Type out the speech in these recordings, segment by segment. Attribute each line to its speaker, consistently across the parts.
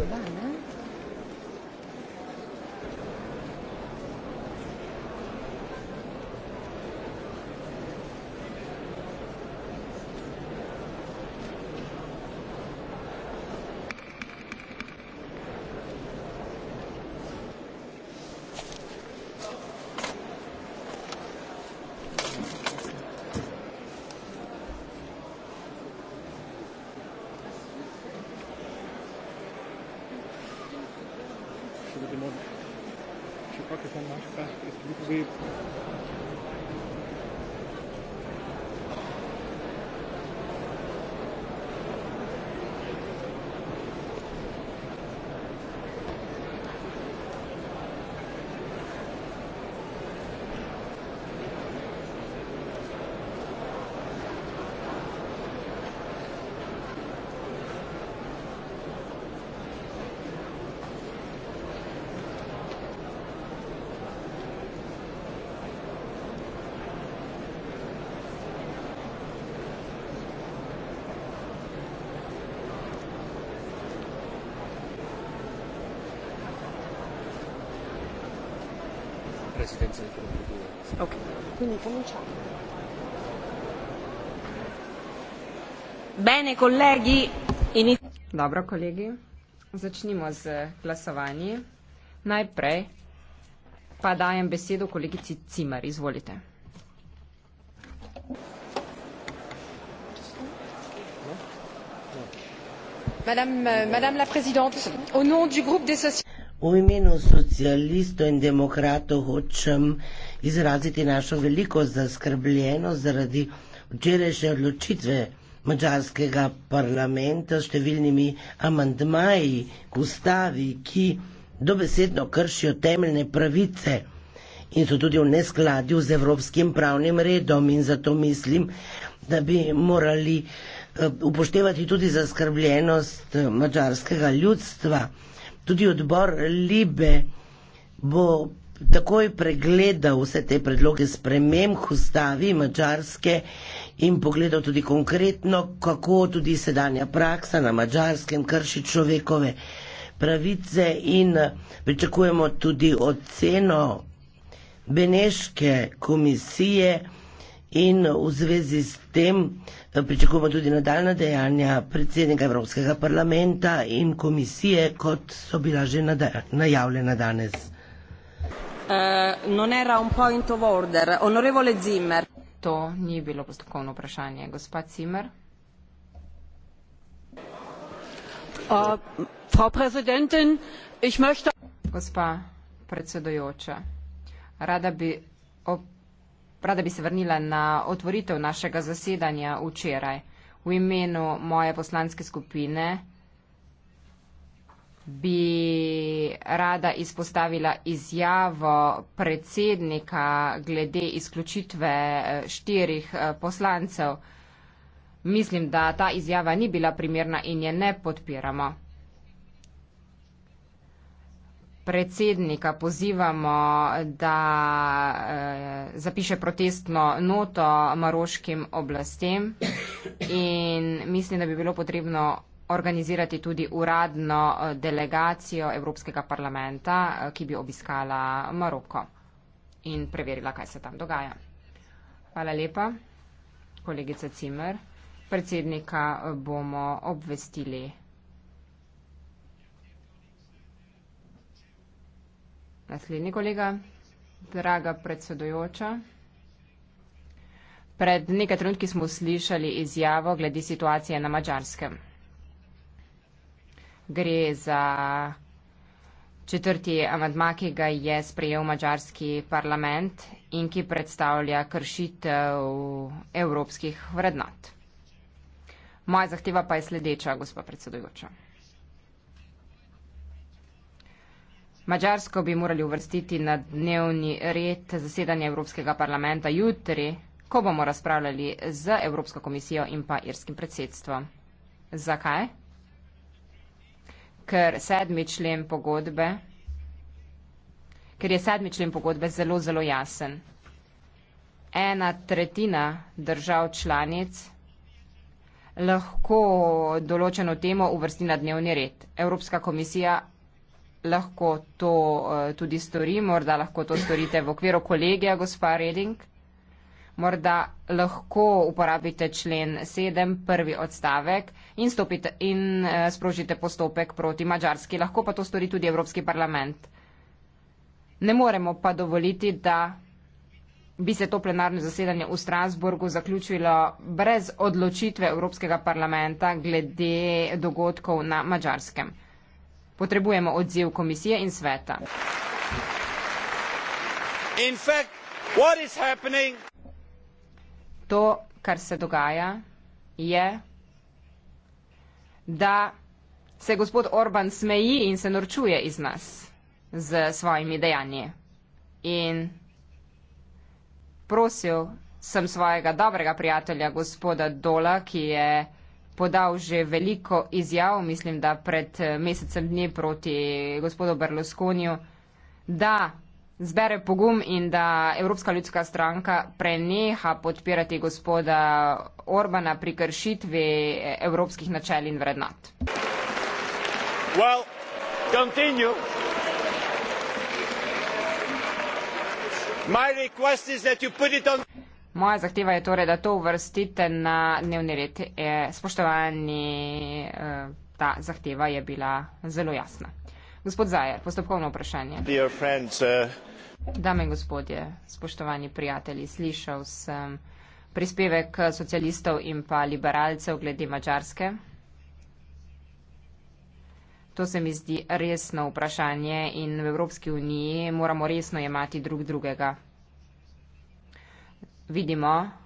Speaker 1: ู่บ้านนะ
Speaker 2: residents in community areas. Okay. Quindi
Speaker 1: cominciamo. Bene, colleghi. Inizio. Dobro, colleghi. Začnimo z glasovanji. Najprej pa dajem besedo kolegici Cimer. Izvolite.
Speaker 2: Madame, madame la Présidente, au nom du groupe des sociétés. V imenu socialistov in demokratov hočem izraziti našo veliko zaskrbljenost zaradi včerajšnje odločitve mačarskega parlamenta s številnimi amandmaji k ustavi, ki dobesedno kršijo temeljne pravice in so tudi v neskladju z evropskim pravnim redom in zato mislim, da bi morali eh, upoštevati tudi zaskrbljenost eh, mačarskega ljudstva. Tudi odbor Libe bo takoj pregledal vse te predloge sprememb v ustavi mačarske in pogledal tudi konkretno, kako tudi sedanja praksa na mačarskem krši človekove pravice in pričakujemo tudi oceno Beneške komisije in v zvezi s tem eh, pričakujemo tudi nadaljna dejanja predsednika Evropskega parlamenta in komisije, kot so bila že najavljena danes.
Speaker 1: Eh, to ni bilo postopkovno vprašanje. Gospa Cimer. Eh, Gospa predsedojoča, rada bi opravila Rada bi se vrnila na otvoritev našega zasedanja včeraj. V imenu moje poslanske skupine bi rada izpostavila izjavo predsednika glede izključitve eh, štirih eh, poslancev. Mislim, da ta izjava ni bila primerna in je ne podpiramo predsednika pozivamo, da eh, zapiše protestno noto maroškim oblastem in mislim, da bi bilo potrebno organizirati tudi uradno eh, delegacijo Evropskega parlamenta, eh, ki bi obiskala Maroko in preverila, kaj se tam dogaja. Hvala lepa, kolegica Cimer. Predsednika bomo obvestili. Naslednji kolega. Draga predsedujoča. Pred nekaj trenutki smo slišali izjavo glede situacije na Mačarskem. Gre za četrti amadma, ki ga je sprejel mačarski parlament in ki predstavlja kršitev evropskih vrednot. Moja zahteva pa je sledeča, gospod predsedujoča. Mačarsko bi morali uvrstiti na dnevni red zasedanja Evropskega parlamenta jutri, ko bomo razpravljali z Evropsko komisijo in pa irskim predsedstvom. Zakaj? Ker sedmi člen pogodbe, ker je sedmi člen pogodbe zelo, zelo jasen. Ena tretjina držav članic lahko določeno temo uvrsti na dnevni red. Evropska komisija lahko to uh, tudi stori, morda lahko to storite v okviru kolegija, gospa Reding. Morda lahko uporabite člen 7, prvi odstavek in, stopite, in uh, sprožite postopek proti Mačarski. Lahko pa to stori tudi Evropski parlament. Ne moremo pa dovoliti, da bi se to plenarno zasedanje v Strasburgu zaključilo brez odločitve Evropskega parlamenta glede dogodkov na Mačarskem. Potrebujemo odziv komisije in sveta. In fact, to, kar se dogaja, je, da se gospod Orban smeji in se norčuje iz nas z svojimi dejanji. In prosil sem svojega dobrega prijatelja, gospoda Dola, ki je podal že veliko izjav, mislim, da pred eh, mesecem dni proti gospodu Berlusconiju, da zbere pogum in da Evropska ljudska stranka preneha podpirati gospoda Orbana pri kršitvi eh, evropskih načel in vrednot. Well, continue. My request is that you put it on. Moja zahteva je torej, da to uvrstite na dnevni red. E, spoštovani, e, ta zahteva je bila zelo jasna. Gospod Zajer, postopkovno vprašanje. Friends, uh... Dame in gospodje, spoštovani prijatelji, slišal sem prispevek socialistov in pa liberalcev glede Mačarske. To se mi zdi resno vprašanje in v Evropski uniji moramo resno jemati drug drugega vidimo,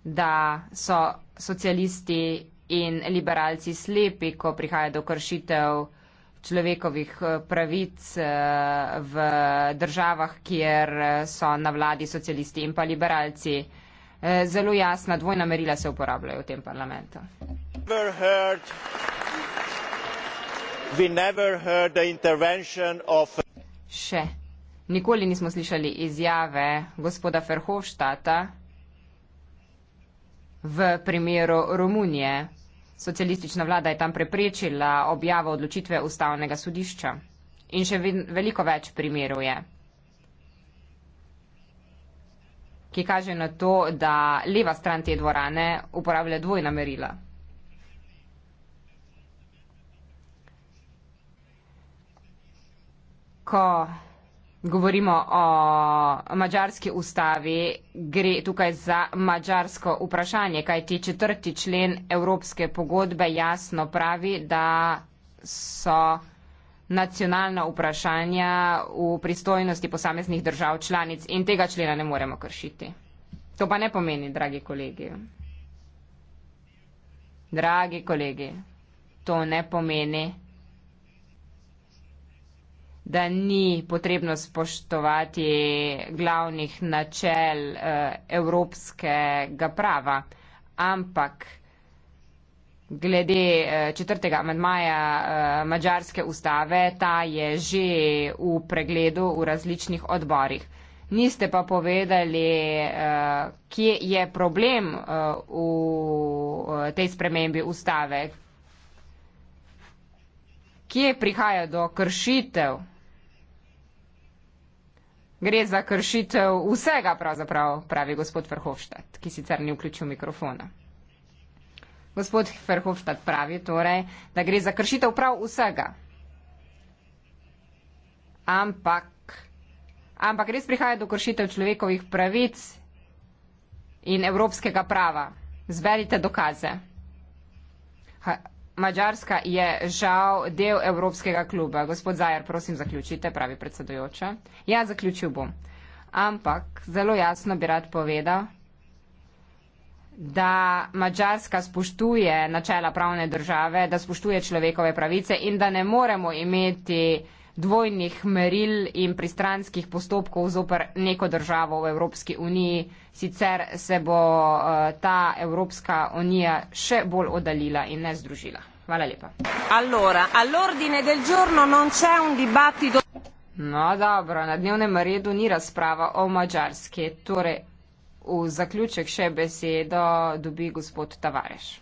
Speaker 1: da so socialisti in liberalci slepi, ko prihaja do kršitev človekovih eh, pravic eh, v državah, kjer eh, so na vladi socialisti in pa liberalci. Zelo jasna dvojna merila se uporabljajo v tem parlamentu. Še. Nikoli nismo slišali izjave gospoda Ferhovštata v primeru Romunije. Socialistična vlada je tam preprečila objavo odločitve ustavnega sodišča. In še veliko več primerov je, ki kaže na to, da leva stran te dvorane uporablja dvojna merila. Ko govorimo o mađarski ustavi, gre tukaj za mađarsko vprašanje, kaj ti četrti člen Evropske pogodbe jasno pravi, da so nacionalna vprašanja v pristojnosti posameznih držav članic in tega člena ne moremo kršiti. To pa ne pomeni, dragi kolegi. Dragi kolegi, to ne pomeni, da ni potrebno spoštovati glavnih načel eh, evropskega prava, ampak glede eh, četrtega amandmaja eh, mađarske ustave, ta je že v pregledu v različnih odborih. Niste pa povedali, kje je problem v tej spremembi ustave, kje prihaja do kršitev. Gre za kršitev vsega, pravzaprav, pravi gospod Verhofstadt, ki sicer ni vključil mikrofona. Gospod Verhofstadt pravi torej, da gre za kršitev prav vsega. Ampak, ampak res prihaja do kršitev človekovih pravic in evropskega prava. Zberite dokaze. Mačarska je žal del Evropskega kluba. Gospod Zajer, prosim, zaključite, pravi predsedujoča. Ja, zaključil bom. Ampak zelo jasno bi rad povedal, da Mačarska spoštuje načela pravne države, da spoštuje človekove pravice in da ne moremo imeti dvojnih meril in pristranskih postopkov zoper neko državo v Evropski uniji, sicer se bo eh, ta Evropska unija še bolj oddaljila in ne združila. Hvala lepa. Allora, all'ordine del giorno non c'è un dibattito. No, dobro, na dnevnem redu ni razprava o Mačarski. Torej, v zaključek še besedo dobi gospod Tavares.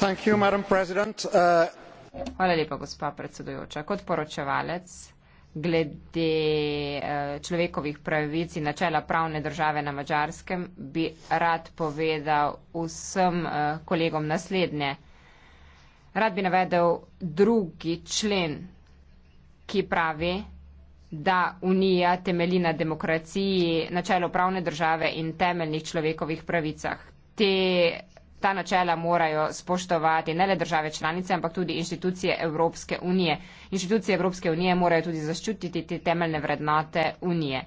Speaker 1: Thank you, Madam President. Uh... Hvala lepa, gospa predsedujoča. Kot poročevalec glede eh, človekovih pravic in načela pravne države na Mačarskem bi rad povedal vsem eh, kolegom naslednje. Rad bi navedel drugi člen, ki pravi, da Unija temelji na demokraciji, načelu pravne države in temeljnih človekovih pravicah. Te Ta načela morajo spoštovati ne le države članice, ampak tudi inštitucije Evropske unije. Inštitucije Evropske unije morajo tudi zaščititi te temeljne vrednote unije.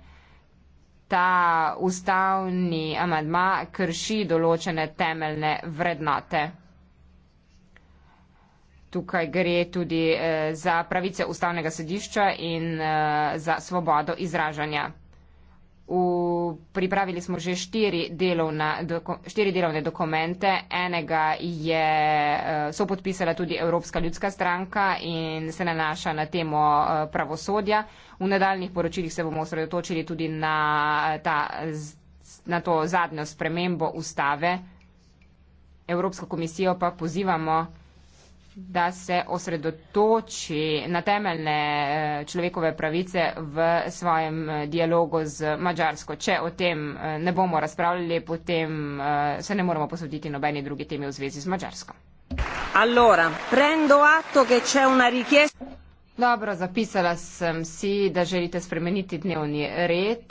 Speaker 1: Ta ustavni amadma krši določene temeljne vrednote. Tukaj gre tudi eh, za pravice ustavnega sodišča in eh, za svobodo izražanja. V, pripravili smo že štiri, delovna, doko, štiri delovne dokumente. Enega je eh, so podpisala tudi Evropska ljudska stranka in se nanaša na temo eh, pravosodja. V nadaljnih poročilih se bomo osredotočili tudi na, eh, ta, na to zadnjo spremembo ustave. Evropsko komisijo pa pozivamo, da se osredotoči na temeljne eh, človekove pravice v svojem eh, dialogu z Mačarsko. Če o tem eh, ne bomo razpravljali, potem se ne moremo posoditi nobeni drugi temi v zvezi z Mačarsko. Allora, prendo atto che c'è una richiesta. Dobro, zapisala sem si, da želite spremeniti dnevni red.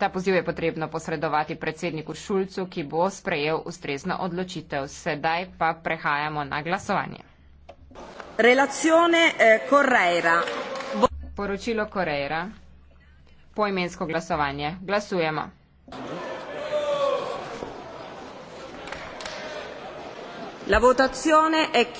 Speaker 1: Ta poziv je potrebno posredovati predsedniku Šulcu, ki bo sprejel ustrezno odločitev. Sedaj pa prehajamo na glasovanje. Eh, Poročilo Korejra. Poimensko glasovanje. Glasujemo.